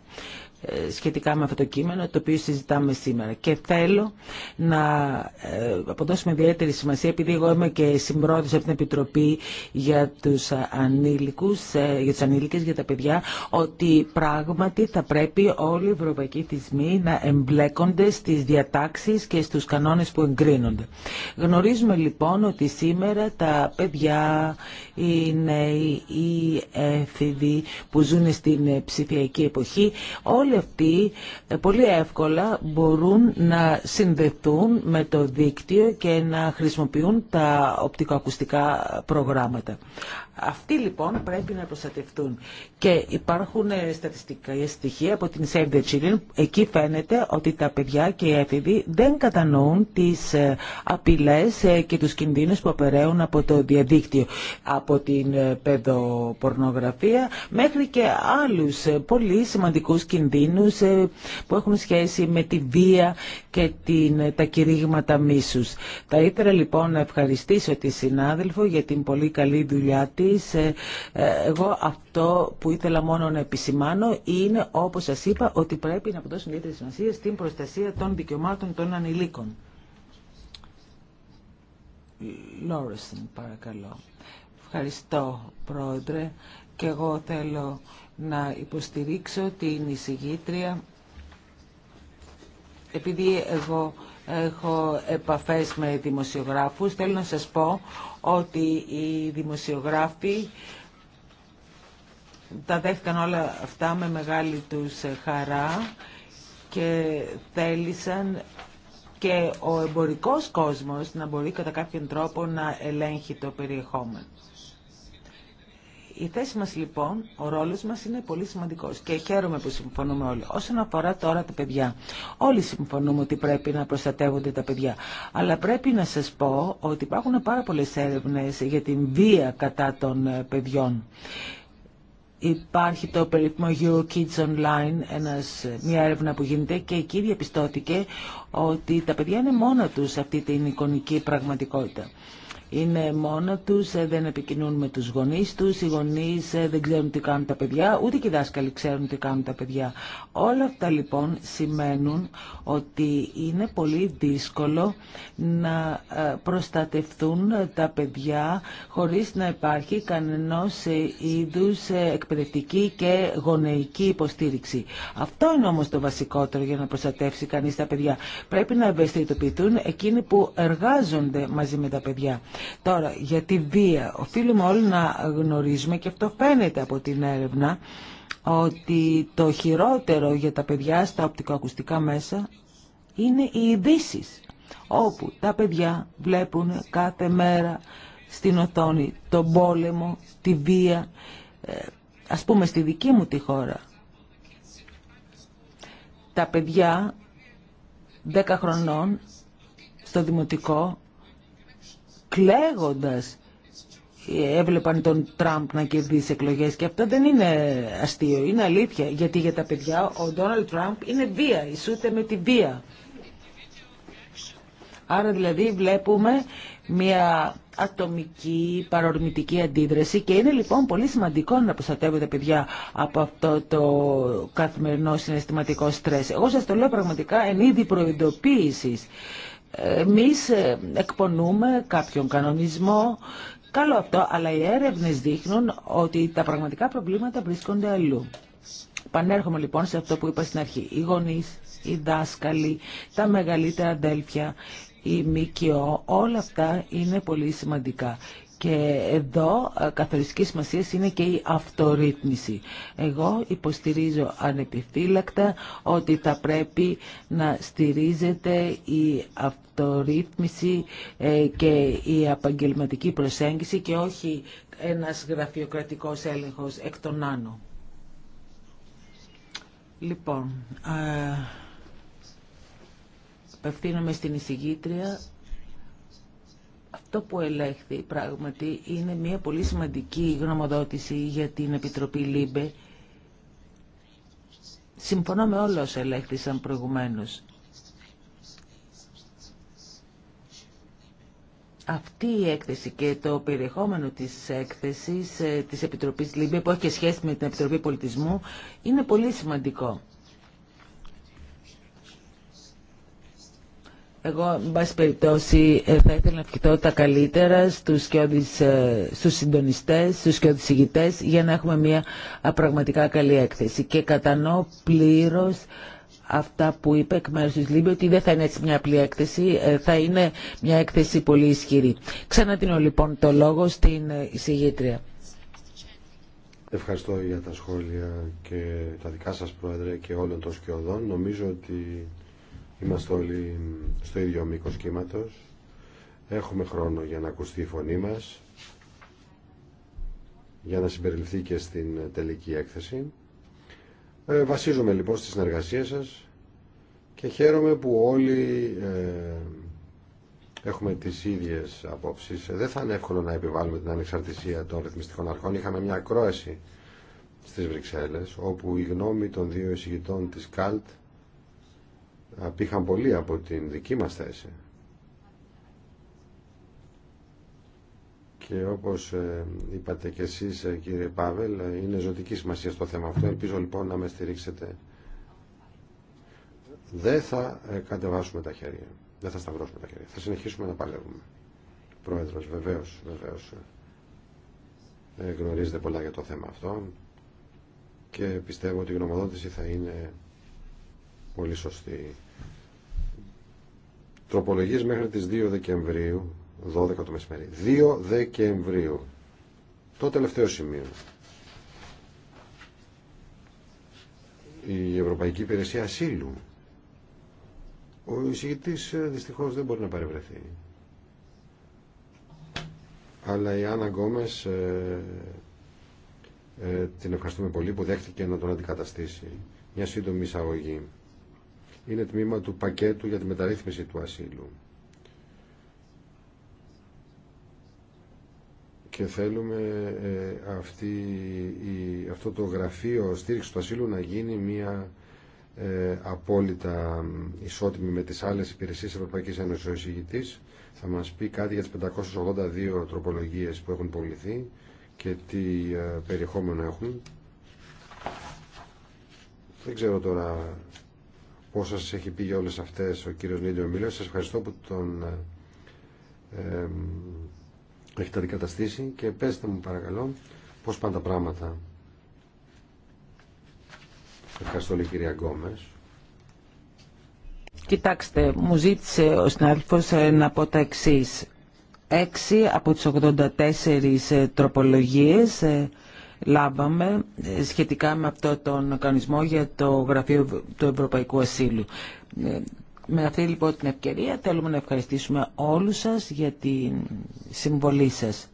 C: σχετικά με αυτό το κείμενο το οποίο συζητάμε σήμερα. Και θέλω να ε, αποδώσουμε ιδιαίτερη σημασία επειδή εγώ είμαι και συμπρόεδρος από την Επιτροπή για τους ανήλικους, ε, για τους ανήλικες, για τα παιδιά, ότι πράγματι θα πρέπει όλοι οι ευρωπαϊκοί θυσμοί να εμπλέκονται στις διατάξεις και στους κανόνες που εγκρίνονται. Γνωρίζουμε λοιπόν ότι σήμερα τα παιδιά, οι νέοι, οι έφηβοι που ζουν στην ψηφιακή εποχή, όλοι όλοι αυτοί ε, πολύ εύκολα μπορούν να συνδεθούν με το δίκτυο και να χρησιμοποιούν τα οπτικοακουστικά προγράμματα. Αυτοί λοιπόν πρέπει να προστατευτούν. Και υπάρχουν ε, στατιστικά ε, στοιχεία από την Save the Children. Εκεί φαίνεται ότι τα παιδιά και οι έφηβοι δεν κατανοούν τις ε, απειλές και τους κινδύνους που απεραίουν από το διαδίκτυο. Από την παιδοπορνογραφία μέχρι και άλλους πολύ σημαντικούς κινδύνους που έχουν σχέση με τη βία και την, τα κηρύγματα μίσους. Θα ήθελα λοιπόν να ευχαριστήσω τη συνάδελφο για την πολύ καλή δουλειά τη ε, Εγώ αυτό που ήθελα μόνο να επισημάνω είναι, όπως σας είπα, ότι πρέπει να αποδώσουν ιδιαίτερη σημασία στην προστασία των δικαιωμάτων των ανηλίκων. Λόρισον, παρακαλώ. Ευχαριστώ, Πρόεδρε. Και εγώ θέλω να υποστηρίξω την εισηγήτρια, επειδή εγώ έχω επαφές με δημοσιογράφους. Θέλω να σας πω ότι οι δημοσιογράφοι τα δέχτηκαν όλα αυτά με μεγάλη τους χαρά και θέλησαν και ο εμπορικός κόσμος να μπορεί κατά κάποιον τρόπο να ελέγχει το περιεχόμενο. Η θέση μας λοιπόν, ο ρόλος μας είναι πολύ σημαντικός και χαίρομαι που συμφωνούμε όλοι. Όσον αφορά τώρα τα παιδιά, όλοι συμφωνούμε ότι πρέπει να προστατεύονται τα παιδιά. Αλλά πρέπει να σας πω ότι υπάρχουν πάρα πολλές έρευνες για την βία κατά των ε, παιδιών. Υπάρχει το περίπτωμα Euro Kids Online, ένας, ε, μια έρευνα που γίνεται και εκεί διαπιστώθηκε ότι τα παιδιά είναι μόνα τους σε αυτή την εικονική πραγματικότητα είναι μόνο τους, ε, δεν επικοινούν με τους γονείς τους, οι γονείς ε, δεν ξέρουν τι κάνουν τα παιδιά, ούτε και οι δάσκαλοι ξέρουν τι κάνουν τα παιδιά. Όλα αυτά λοιπόν σημαίνουν ότι είναι πολύ δύσκολο να ε, προστατευτούν ε, τα παιδιά χωρίς να υπάρχει κανένας ε, είδους εκπαιδευτική και γονεϊκή υποστήριξη. Αυτό είναι όμως το βασικότερο για να προστατεύσει κανείς τα παιδιά. Πρέπει να ευαισθητοποιηθούν εκείνοι που εργάζονται μαζί με τα παιδιά. Τώρα, για τη βία, οφείλουμε όλοι να γνωρίζουμε και αυτό φαίνεται από την έρευνα ότι το χειρότερο για τα παιδιά στα οπτικοακουστικά μέσα είναι οι ειδήσει, όπου τα παιδιά βλέπουν κάθε μέρα στην οθόνη τον πόλεμο, τη βία, ε, ας πούμε στη δική μου τη χώρα. Τα παιδιά 10 χρονών στο δημοτικό κλαίγοντας έβλεπαν τον Τραμπ να κερδίσει εκλογές και αυτό δεν είναι αστείο, είναι αλήθεια γιατί για τα παιδιά ο Ντόναλτ Τραμπ είναι βία, ισούται με τη βία άρα δηλαδή βλέπουμε μια ατομική παρορμητική αντίδραση και είναι λοιπόν πολύ σημαντικό να προστατεύονται παιδιά από αυτό το καθημερινό συναισθηματικό στρες. Εγώ σας το λέω πραγματικά εν είδη προειδοποίησης. Εμείς ε, εκπονούμε κάποιον κανονισμό, Καλό αυτό, αλλά οι έρευνες δείχνουν ότι τα πραγματικά προβλήματα βρίσκονται αλλού. Πανέρχομαι λοιπόν σε αυτό που είπα στην αρχή. Οι γονείς, οι δάσκαλοι, τα μεγαλύτερα αδέλφια, η ΜΚΟ, όλα αυτά είναι πολύ σημαντικά. Και εδώ ε, καθοριστική σημασία είναι και η αυτορύθμιση. Εγώ υποστηρίζω ανεπιφύλακτα ότι θα πρέπει να στηρίζεται η αυτορύθμιση ε, και η επαγγελματική προσέγγιση και όχι ένας γραφειοκρατικός έλεγχος εκ των άνω. Λοιπόν, ε, απευθύνομαι στην εισηγήτρια το που ελέγχθη πράγματι είναι μια πολύ σημαντική γνωμοδότηση για την Επιτροπή ΛΥΜΠΕ. Συμφωνώ με όλα όσα ελέγχθησαν προηγουμένως. αυτή η έκθεση και το περιεχόμενο της έκθεσης ε, της Επιτροπής ΛΥΜΠΕ που έχει και σχέση με την Επιτροπή Πολιτισμού είναι πολύ σημαντικό. Εγώ, εν πάση περιπτώσει, ε, θα ήθελα να ευχηθώ τα καλύτερα στους, σκιώδης, ε, στους συντονιστές, στους για να έχουμε μια πραγματικά καλή έκθεση. Και κατανοώ πλήρως αυτά που είπε εκ μέρους της Λίμπη ότι δεν θα είναι έτσι μια απλή έκθεση, ε, θα είναι μια έκθεση πολύ ισχυρή. Ξανατείνω λοιπόν το λόγο στην εισηγήτρια.
B: Ευχαριστώ για τα σχόλια και τα δικά σας Πρόεδρε και όλων των σκιωδών. Νομίζω ότι Είμαστε όλοι στο ίδιο μήκο κύματο. Έχουμε χρόνο για να ακουστεί η φωνή μα, για να συμπεριληφθεί και στην τελική έκθεση. Ε, βασίζομαι λοιπόν στη συνεργασία σα και χαίρομαι που όλοι ε, έχουμε τι ίδιε απόψει. Δεν θα είναι εύκολο να επιβάλλουμε την ανεξαρτησία των ρυθμιστικών αρχών. Είχαμε μια ακρόαση στις Βρυξέλλες όπου η γνώμη των δύο εισηγητών της ΚΑΛΤ απήχαν πολύ από την δική μας θέση. Και όπως ε, είπατε και εσείς ε, κύριε Πάβελ, ε, είναι ζωτική σημασία στο θέμα αυτό. Ελπίζω λοιπόν να με στηρίξετε. Δεν θα κατεβάσουμε τα χέρια. Δεν θα σταυρώσουμε τα χέρια. Θα συνεχίσουμε να παλεύουμε. Πρόεδρος, βεβαίως, βεβαίως. Ε, γνωρίζετε πολλά για το θέμα αυτό και πιστεύω ότι η γνωμοδότηση θα είναι πολύ σωστή. Τροπολογίες μέχρι τις 2 Δεκεμβρίου, 12 το μεσημέρι. 2 Δεκεμβρίου. Το τελευταίο σημείο. Η Ευρωπαϊκή Υπηρεσία Ασύλου. Ο εισηγητής ε, δυστυχώς δεν μπορεί να παρευρεθεί. Αλλά η Άννα Γκόμες ε, ε, την ευχαριστούμε πολύ που δέχτηκε να τον αντικαταστήσει. Μια σύντομη εισαγωγή είναι τμήμα του πακέτου για τη μεταρρύθμιση του ασύλου. Και θέλουμε ε, αυτή, η, αυτό το γραφείο στήριξη του ασύλου να γίνει μια ε, απόλυτα ισότιμη με τις άλλες υπηρεσίες της Ευρωπαϊκής Ένωσης. θα μας πει κάτι για τις 582 τροπολογίες που έχουν πολιθεί και τι ε, περιεχόμενο έχουν. Δεν ξέρω τώρα πόσα σας έχει πει για όλες αυτές ο κύριος Νίλιο Μίλιο. Σας ευχαριστώ που τον ε, έχετε αντικαταστήσει και πέστε μου παρακαλώ πώς πάνε τα πράγματα. Ευχαριστώ πολύ κυρία Γκόμες.
C: Κοιτάξτε, μου ζήτησε ο συνάδελφος ε, να πω τα εξής. Έξι από τις 84 ε, τροπολογίες ε, λάβαμε ε, σχετικά με αυτό τον κανονισμό για το Γραφείο του Ευρωπαϊκού Ασύλου. Ε, με αυτή λοιπόν την ευκαιρία θέλουμε να ευχαριστήσουμε όλους σας για τη συμβολή σας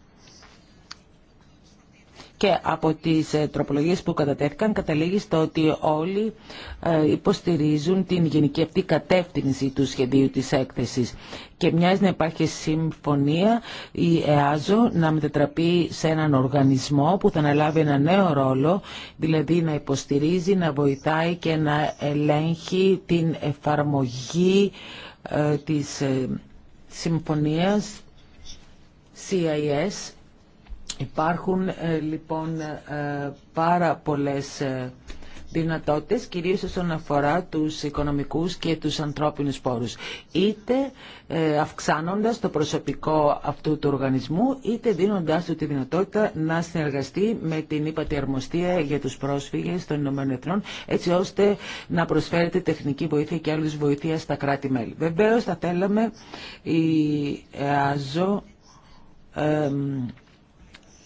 C: και από τις ε, τροπολογίες που κατατέθηκαν καταλήγει στο ότι όλοι ε, υποστηρίζουν την γενική αυτή κατεύθυνση του σχεδίου της έκθεσης και μοιάζει να υπάρχει συμφωνία η ΕΑΖΟ να μετατραπεί σε έναν οργανισμό που θα αναλάβει ένα νέο ρόλο, δηλαδή να υποστηρίζει, να βοηθάει και να ελέγχει την εφαρμογή ε, της συμφωνίας CIS Υπάρχουν ε, λοιπόν ε, πάρα πολλές ε, δυνατότητες, κυρίως όσον αφορά τους οικονομικούς και τους ανθρώπινους πόρους. Είτε αυξάνοντας το προσωπικό αυτού του οργανισμού, είτε δίνοντάς του τη δυνατότητα να συνεργαστεί με την ύπατη αρμοστία για τους πρόσφυγες των Εθνών, έτσι ώστε να προσφέρεται τεχνική βοήθεια και άλλους βοήθεια στα κράτη-μέλη. Βεβαίως θα θέλαμε η ΑΖΟ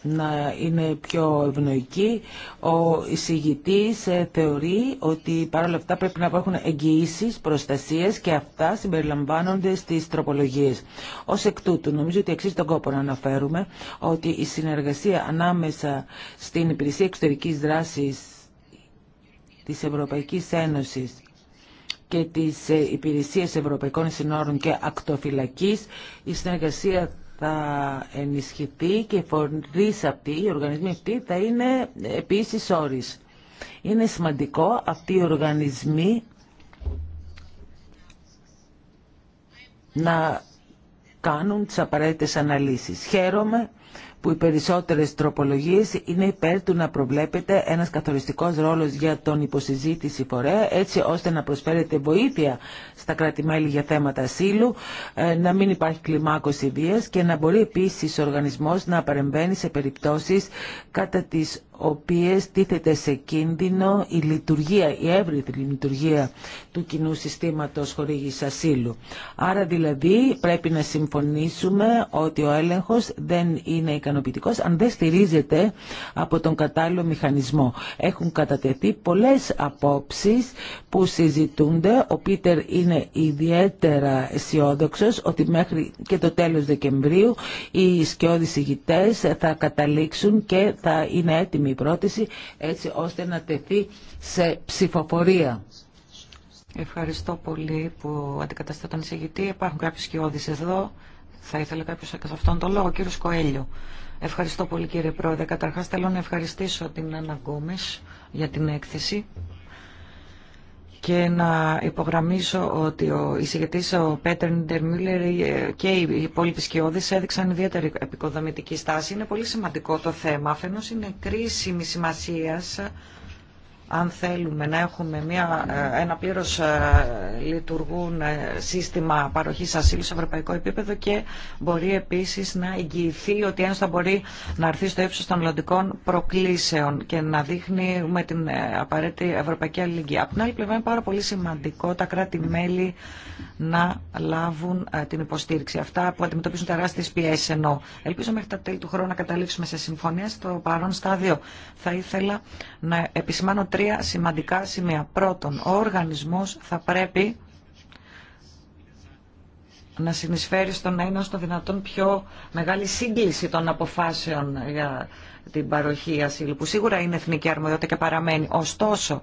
C: να είναι πιο ευνοϊκή. Ο εισηγητής ε, θεωρεί ότι παρόλα αυτά πρέπει να υπάρχουν εγγυήσει, προστασίες και αυτά συμπεριλαμβάνονται στις τροπολογίες. Ως εκ τούτου, νομίζω ότι αξίζει τον κόπο να αναφέρουμε ότι η συνεργασία ανάμεσα στην Υπηρεσία Εξωτερικής Δράσης της Ευρωπαϊκής Ένωσης και τις ε, υπηρεσίες Ευρωπαϊκών Συνόρων και Ακτοφυλακής. Η συνεργασία θα ενισχυθεί και οι φορείς αυτοί, οι οργανισμοί αυτοί θα είναι επίσης όρις. Είναι σημαντικό αυτοί οι οργανισμοί να κάνουν τις απαραίτητες αναλύσεις. Χαίρομαι που οι περισσότερες τροπολογίες είναι υπέρ του να προβλέπεται ένας καθοριστικός ρόλος για τον υποσυζήτηση φορέα έτσι ώστε να προσφέρεται βοήθεια στα κρατη για θέματα ασύλου, ε, να μην υπάρχει κλιμάκωση βίας και να μπορεί επίσης ο οργανισμός να παρεμβαίνει σε περιπτώσεις κατά τις οποίες τίθεται σε κίνδυνο η λειτουργία, η εύρυθμη λειτουργία του κοινού συστήματος χορήγησης ασύλου. Άρα δηλαδή πρέπει να συμφωνήσουμε ότι ο έλεγχος δεν είναι ικανοποιητικός αν δεν στηρίζεται από τον κατάλληλο μηχανισμό. Έχουν κατατεθεί πολλές απόψεις που συζητούνται. Ο Πίτερ είναι ιδιαίτερα αισιόδοξο ότι μέχρι και το τέλος Δεκεμβρίου οι σκιώδεις ηγητές θα καταλήξουν και θα είναι έτοιμοι η πρόταση έτσι ώστε να τεθεί σε ψηφοφορία.
A: Ευχαριστώ πολύ που αντικαταστά τον εισηγητή. Υπάρχουν κάποιοι σκιώδεις εδώ. Θα ήθελα κάποιο σε αυτόν τον λόγο. Κύριο Κοέλιο. Ευχαριστώ πολύ κύριε Πρόεδρε. Καταρχάς θέλω να ευχαριστήσω την Άννα για την έκθεση και να υπογραμμίσω ότι ο εισηγητή, ο Πέτερ Ντερμίλερ και οι υπόλοιποι σκιώδει έδειξαν ιδιαίτερη επικοδομητική στάση. Είναι πολύ σημαντικό το θέμα. Αφενό είναι κρίσιμη σημασία αν θέλουμε να έχουμε μια, ε, ένα πλήρως ε, λειτουργούν ε, σύστημα παροχής ασύλου σε ευρωπαϊκό επίπεδο και μπορεί επίσης να εγγυηθεί ότι ένας θα μπορεί να έρθει στο ύψος των μελλοντικών προκλήσεων και να δείχνει με την απαραίτητη ευρωπαϊκή αλληλεγγύη. Από την άλλη πλευρά είναι πάρα πολύ σημαντικό τα κράτη-μέλη να λάβουν την υποστήριξη. Αυτά που αντιμετωπίζουν τεράστιες πιέσεις ενώ ελπίζω μέχρι τα τέλη του χρόνου να καταλήξουμε σε συμφωνία. Στο παρόν στάδιο θα ήθελα να επισημάνω τρία σημαντικά σημεία. Πρώτον, ο οργανισμός θα πρέπει να συνεισφέρει στο να είναι στο δυνατόν πιο μεγάλη σύγκληση των αποφάσεων για την παροχή ασύλου, που σίγουρα είναι εθνική αρμοδιότητα και παραμένει. Ωστόσο,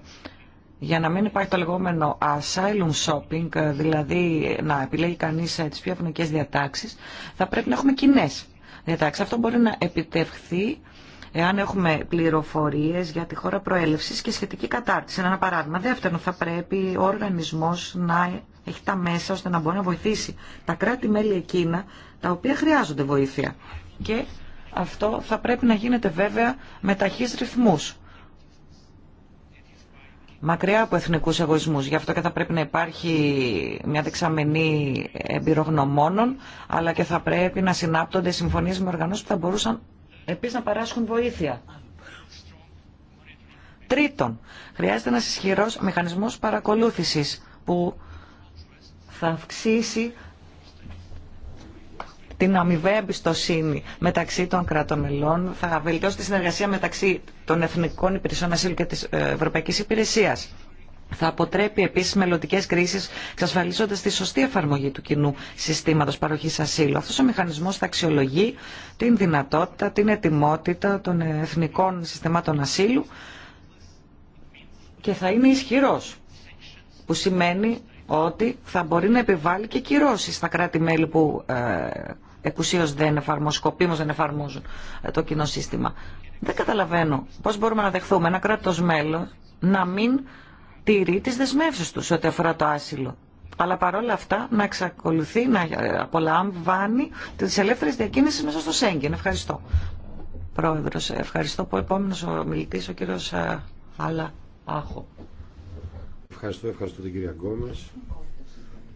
A: για να μην υπάρχει το λεγόμενο asylum shopping, δηλαδή να επιλέγει κανείς ε, τις πιο ευνοϊκές διατάξεις, θα πρέπει να έχουμε κοινέ διατάξεις. Αυτό μπορεί να επιτευχθεί εάν έχουμε πληροφορίε για τη χώρα προέλευση και σχετική κατάρτιση. ένα παράδειγμα. Δεύτερον, θα πρέπει ο οργανισμό να έχει τα μέσα ώστε να μπορεί να βοηθήσει τα κράτη-μέλη εκείνα τα οποία χρειάζονται βοήθεια. Και αυτό θα πρέπει να γίνεται βέβαια με ταχύ ρυθμού. μακριά από εθνικού εγωισμού. Γι' αυτό και θα πρέπει να υπάρχει μια δεξαμενή εμπειρογνωμόνων, αλλά και θα πρέπει να συνάπτονται συμφωνίε με οργανώσει που θα μπορούσαν Επίσης να παράσχουν βοήθεια. Τρίτον, χρειάζεται ένας ισχυρός μηχανισμός παρακολούθησης που θα αυξήσει την αμοιβαία εμπιστοσύνη μεταξύ των κρατών μελών, θα βελτιώσει τη συνεργασία μεταξύ των Εθνικών Υπηρεσιών Ασύλου και της ε, Ευρωπαϊκής Υπηρεσίας θα αποτρέπει επίση μελλοντικέ κρίσει, εξασφαλίζοντα τη σωστή εφαρμογή του κοινού συστήματο παροχή ασύλου. Αυτό ο μηχανισμό θα αξιολογεί την δυνατότητα, την ετοιμότητα των εθνικών συστημάτων ασύλου και θα είναι ισχυρό. Που σημαίνει ότι θα μπορεί να επιβάλλει και κυρώσει στα κράτη-μέλη που ε, εκουσίω δεν εφαρμόζουν, δεν εφαρμόζουν το κοινό σύστημα. Δεν καταλαβαίνω πώ μπορούμε να δεχθούμε ένα κράτο μέλο να μην τηρεί τις δεσμεύσεις τους ό,τι αφορά το άσυλο. Αλλά παρόλα αυτά να εξακολουθεί να ε, απολαμβάνει τις ελεύθερες διακίνησεις μέσα στο Σέγγεν. Ευχαριστώ. Πρόεδρος, ευχαριστώ που επόμενος ο μιλητής, ο κύριος ε, Άλλα Άχο.
B: Ευχαριστώ, ευχαριστώ την κυρία Γκόμες.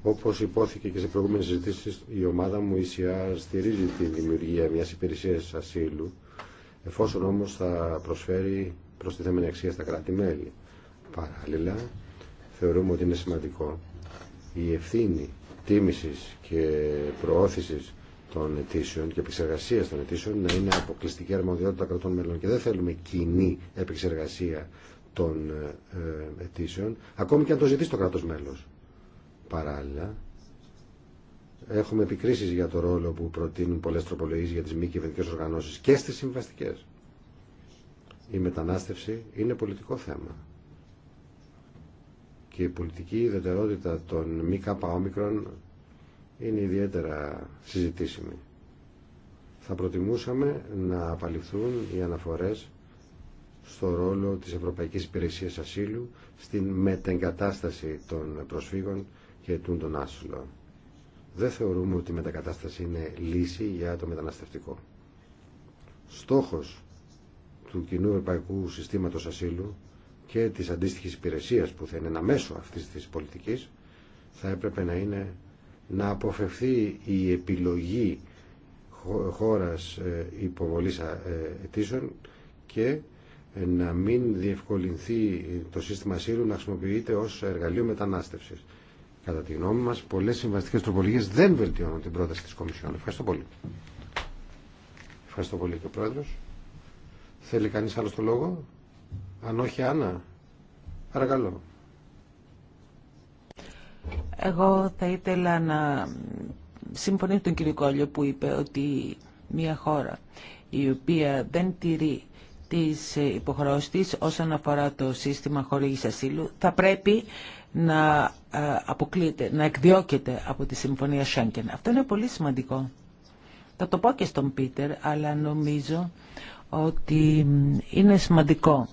B: Όπω υπόθηκε και σε προηγούμενε συζητήσει, η ομάδα μου ECR στηρίζει τη δημιουργία μια υπηρεσία ασύλου, εφόσον όμω θα προσφέρει προστιθέμενη αξία στα κράτη-μέλη. Παράλληλα, θεωρούμε ότι είναι σημαντικό η ευθύνη τίμησης και προώθησης των αιτήσεων και επεξεργασία των αιτήσεων να είναι αποκλειστική αρμοδιότητα κρατών μελών. Και δεν θέλουμε κοινή επεξεργασία των ε, αιτήσεων, ακόμη και αν το ζητήσει το κρατο μέλο. Παράλληλα, έχουμε επικρίσει για το ρόλο που προτείνουν πολλέ τροπολογίες για τι μη κυβερνητικέ οργανώσεις και στι συμβαστικέ. Η μετανάστευση είναι πολιτικό θέμα και η πολιτική ιδιαιτερότητα των μη καπαόμικρων είναι ιδιαίτερα συζητήσιμη. Θα προτιμούσαμε να απαλληφθούν οι αναφορές στο ρόλο της Ευρωπαϊκής Υπηρεσίας Ασύλου στην μετεγκατάσταση των προσφύγων και των τον άσυλο. Δεν θεωρούμε ότι η μετακατάσταση είναι λύση για το μεταναστευτικό. Στόχος του κοινού ευρωπαϊκού συστήματος ασύλου και τη αντίστοιχη υπηρεσία που θα είναι ένα μέσο αυτής της πολιτικής θα έπρεπε να είναι να αποφευθεί η επιλογή χώρας ε, υποβολής ε, αιτήσεων και ε, να μην διευκολυνθεί το σύστημα ΣΥΡΟΥ να χρησιμοποιείται ως εργαλείο μετανάστευσης. Κατά τη γνώμη μας, πολλές συμβαστικές τροπολογίες δεν βελτιώνουν την πρόταση της Κομισιόν. Ευχαριστώ πολύ. Ευχαριστώ πολύ και ο Πρόεδρος. Θέλει κανείς άλλο το λόγο. Αν όχι, Άννα, παρακαλώ.
C: Εγώ θα ήθελα να συμφωνήσω τον κύριο Κόλλιο που είπε ότι μια χώρα η οποία δεν τηρεί τις υποχρεώσεις της όσον αφορά το σύστημα χορήγης ασύλου θα πρέπει να ε, αποκλείεται, να εκδιώκεται από τη Συμφωνία Σέγγεν. Αυτό είναι πολύ σημαντικό. Θα το πω και στον Πίτερ, αλλά νομίζω ότι είναι σημαντικό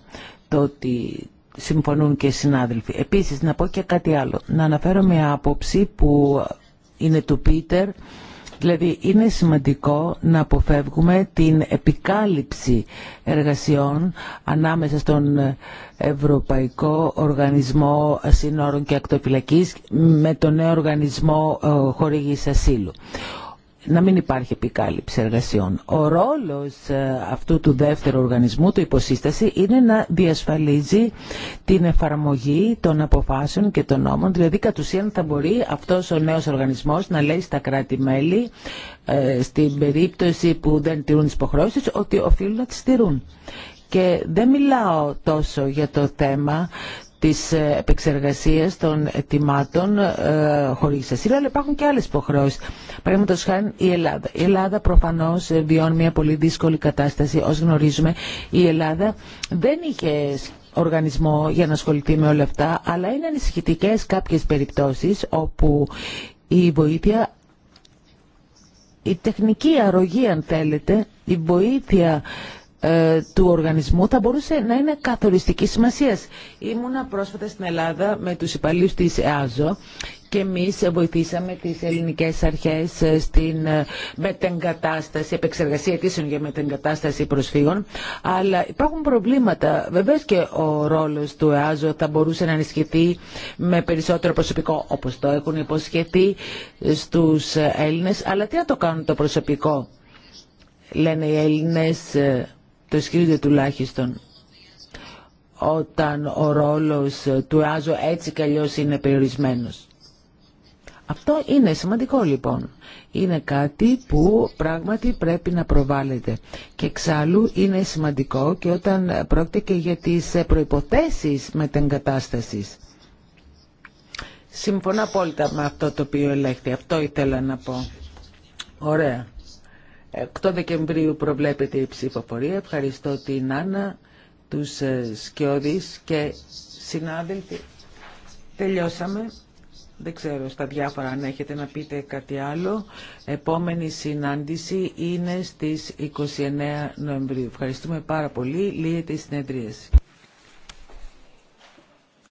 C: το ότι συμφωνούν και οι συνάδελφοι. Επίσης, να πω και κάτι άλλο. Να αναφέρω μια άποψη που είναι του Πίτερ, Δηλαδή είναι σημαντικό να αποφεύγουμε την επικάλυψη εργασιών ανάμεσα στον Ευρωπαϊκό Οργανισμό Συνόρων και Ακτοφυλακής με τον νέο Οργανισμό ε, Χορηγής Ασύλου να μην υπάρχει επικάλυψη εργασιών. Ο ρόλος ε, αυτού του δεύτερου οργανισμού, του υποσύσταση, είναι να διασφαλίζει την εφαρμογή των αποφάσεων και των νόμων. Δηλαδή, κατ' ουσίαν θα μπορεί αυτός ο νέος οργανισμός να λέει στα κράτη-μέλη, ε, στην περίπτωση που δεν τηρούν τις υποχρεώσεις, ότι οφείλουν να τις τηρούν. Και δεν μιλάω τόσο για το θέμα της επεξεργασίας των ετοιμάτων ε, χωρίς ασύλο, αλλά υπάρχουν και άλλες υποχρεώσεις. Παραδείγματος χάρη η Ελλάδα. Η Ελλάδα προφανώς ε, βιώνει μια πολύ δύσκολη κατάσταση. Ως γνωρίζουμε, η Ελλάδα δεν είχε οργανισμό για να ασχοληθεί με όλα αυτά, αλλά είναι ανησυχητικέ κάποιες περιπτώσεις όπου η βοήθεια η τεχνική αρρωγή αν θέλετε, η βοήθεια ε, του οργανισμού θα μπορούσε να είναι καθοριστική σημασία. Ήμουνα πρόσφατα στην Ελλάδα με τους υπαλλήλους της ΕΑΖΟ και εμείς βοηθήσαμε τις ελληνικές αρχές ε, στην ε, μετεγκατάσταση, επεξεργασία αιτήσεων για μετεγκατάσταση προσφύγων. Αλλά υπάρχουν προβλήματα. Βεβαίως και ο ρόλος του ΕΑΖΟ θα μπορούσε να ενισχυθεί με περισσότερο προσωπικό, όπως το έχουν υποσχεθεί στους Έλληνες. Αλλά τι να το κάνουν το προσωπικό. Λένε οι Έλληνες το ισχυρίζεται τουλάχιστον όταν ο ρόλος του Άζο έτσι κι είναι περιορισμένος. Αυτό είναι σημαντικό λοιπόν. Είναι κάτι που πράγματι πρέπει να προβάλλεται. Και εξάλλου είναι σημαντικό και όταν πρόκειται και για τις προϋποθέσεις κατάσταση. Συμφωνώ απόλυτα με αυτό το οποίο ελέγχθη. Αυτό ήθελα να πω. Ωραία. 8 Δεκεμβρίου προβλέπεται η ψηφοφορία. Ευχαριστώ την Άννα, τους ε, Σκιώδης και συνάδελφοι. Τελειώσαμε. Δεν ξέρω στα διάφορα αν έχετε να πείτε κάτι άλλο. Επόμενη συνάντηση είναι στις 29 Νοεμβρίου. Ευχαριστούμε πάρα πολύ. Λύεται η συνεδρίαση.